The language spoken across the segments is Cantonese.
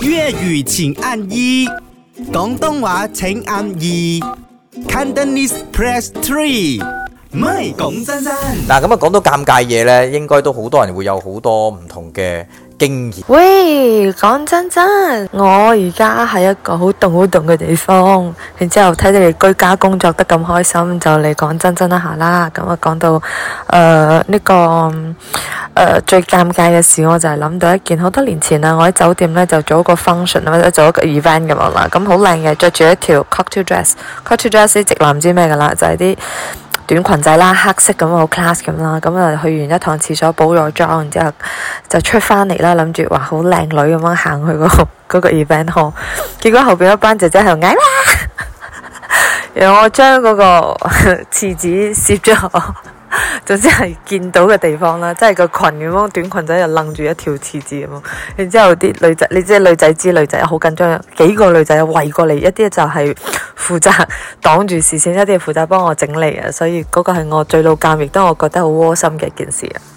粵語請按一，廣東話請按二，Cantonese press three。唔係講真真。嗱咁啊，講到尷尬嘢呢，應該都好多人會有好多唔同嘅經驗。喂，講真真，我而家喺一個好凍好凍嘅地方，然之後睇你哋居家工作得咁開心，就嚟講真真一下啦。咁啊，講到誒呢個。呃、最尷尬嘅事我就係諗到一件好多年前啊，我喺酒店呢，就做一個 function 或者做一個 event 咁啊啦，咁好靚嘅，着住一條 cocktail dress，cocktail dress 咧，直男唔知咩噶啦，就係、是、啲短裙仔啦，黑色咁好 class 咁啦，咁啊去完一趟廁所補咗妝，然之後就出翻嚟啦，諗住話好靚女咁樣行去、那個嗰、那個 event 嗬，結果後邊一班姐姐喺度嗌啦，然後 我將嗰、那個廁紙攝咗。 總之係見到嘅地方啦，即係個裙咁樣，短裙仔又愣住一條廁紙咁，然之後啲女仔，你知女仔知女仔好緊張啊，幾個女仔圍過嚟，一啲就係負責擋住視線，一啲負責幫我整理啊，所以嗰個係我最老尷亦都我覺得好窩心嘅一件事啊。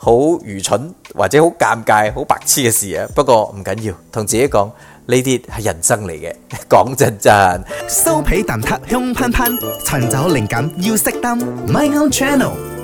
好愚蠢或者好尷尬、好白痴嘅事啊！不過唔緊要，同自己講呢啲係人生嚟嘅。講真真，酥皮蛋撻香噴噴，尋找靈感要熄燈。My own channel。